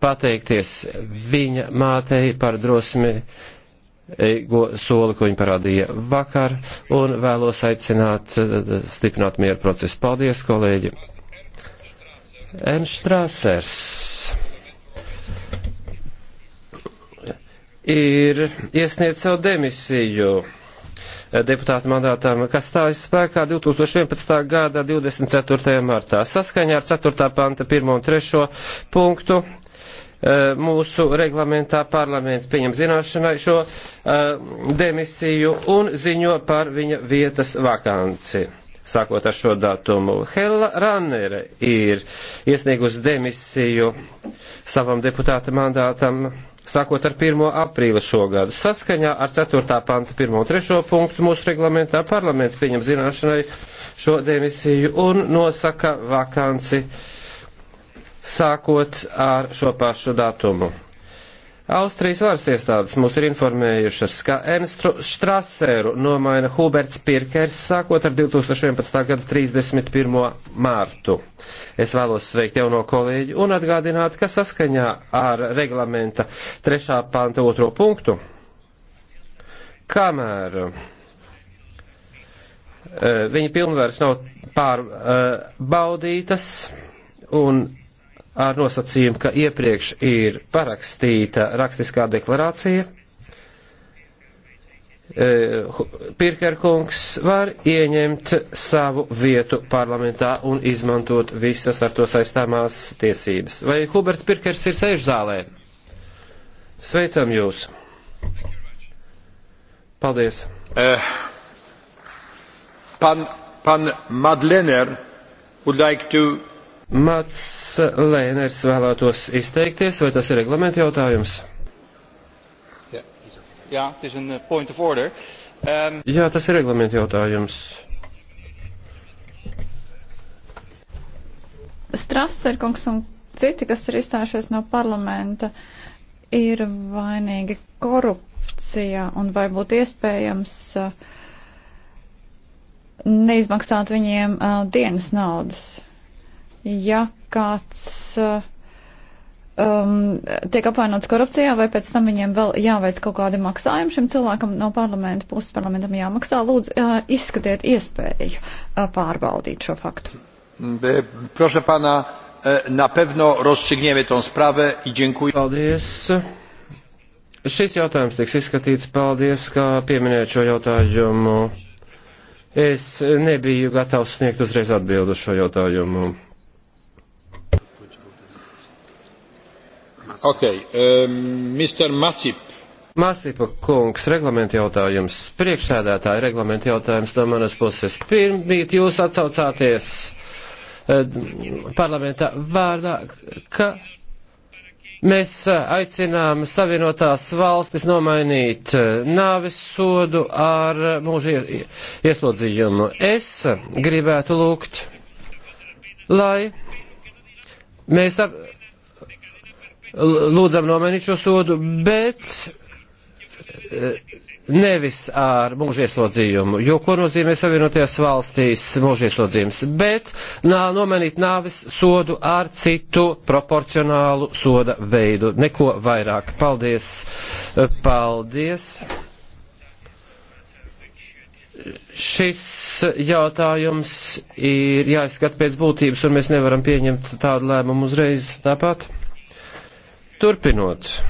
pateikties viņa mātei par drosmi e, go soli, ko viņa parādīja vakar, un vēlos aicināt e, stiprināt mieru procesu. Paldies, kolēģi! Enštrāsers ir iesniedz savu demisiju deputāta mandātām, kas stājas spēkā 2011. gada 24. martā. Saskaņā ar 4. panta 1 un 3. punktu Eh, mūsu reglamentā parlaments pieņem zināšanai šo eh, demisiju un ziņo par viņa vietas vakanci. Sākot ar šo datumu, Hella Rannere ir iesniegusi demisiju savam deputāta mandātam sākot ar 1. aprīli šogad. Saskaņā ar 4. panta 1. un 3. punktu mūsu reglamentā parlaments pieņem zināšanai šo demisiju un nosaka vakanci uh, sākot ar šo pašu datumu. Austrijas varas iestādes mūs ir informējušas, ka Ernst Strasēru nomaina Huberts Pirkers sākot ar 2011. gada 31. mārtu. Es vēlos sveikt jauno kolēģi un atgādināt, ka saskaņā ar reglamenta 3. panta 2. punktu, kamēr eh, viņa pilnvērs nav pārbaudītas eh, un ar nosacījumu, ka iepriekš ir parakstīta rakstiskā deklarācija. E, Pirkerkungs var ieņemt savu vietu parlamentā un izmantot visas ar to saistāmās tiesības. Vai Huberts Pirkers ir sēž zālē? Sveicam jūs! Paldies! Uh, pan, pan Madlener would like to Mats Lēners vēlētos izteikties, vai tas ir reglamenta jautājums? Jā, jā, uh, um... jā tas ir reglamenta jautājums. Strasserkungs un citi, kas ir izstājušies no parlamenta, ir vainīgi korupcijā un vai būtu iespējams uh, neizmaksāt viņiem uh, dienas naudas ja kāds eh, um, tiek apvainots korupcijā, vai pēc tam viņiem vēl jāveic kaut kādi maksājumi šim cilvēkam no parlamenta puses, parlamentam jāmaksā, lūdzu, uh, izskatiet iespēju uh, pārbaudīt šo faktu. Proszę pana, na pewno rozstrzygniemy tą sprawę i dziękuję. Paldies. Šis jautājums tiks izskatīts. Paldies, ka pieminējāt šo jautājumu. Es nebiju gatavs sniegt uzreiz atbildu šo jautājumu. Okay. Um, Mr. Masip. Masipa kungs, reglamenta jautājums, priekšsēdētāja reglamenta jautājums no manas puses. Pirmīt jūs atsaucāties eh, parlamentā vārdā, ka mēs eh, aicinām savienotās valstis nomainīt eh, nāves sodu ar eh, mūža ieslodzījumu. Es gribētu lūgt, lai mēs. Ap, lūdzam nomainīt šo sodu, bet eh, nevis ar mūža ieslodzījumu, jo ko nozīmē Savienotajās valstīs mūža ieslodzījums, bet nā, nomainīt nāvis sodu ar citu proporcionālu soda veidu. Neko vairāk. Paldies. Paldies. Šis jautājums ir jāizskata pēc būtības, un mēs nevaram pieņemt tādu lēmumu uzreiz tāpat. Turpinot.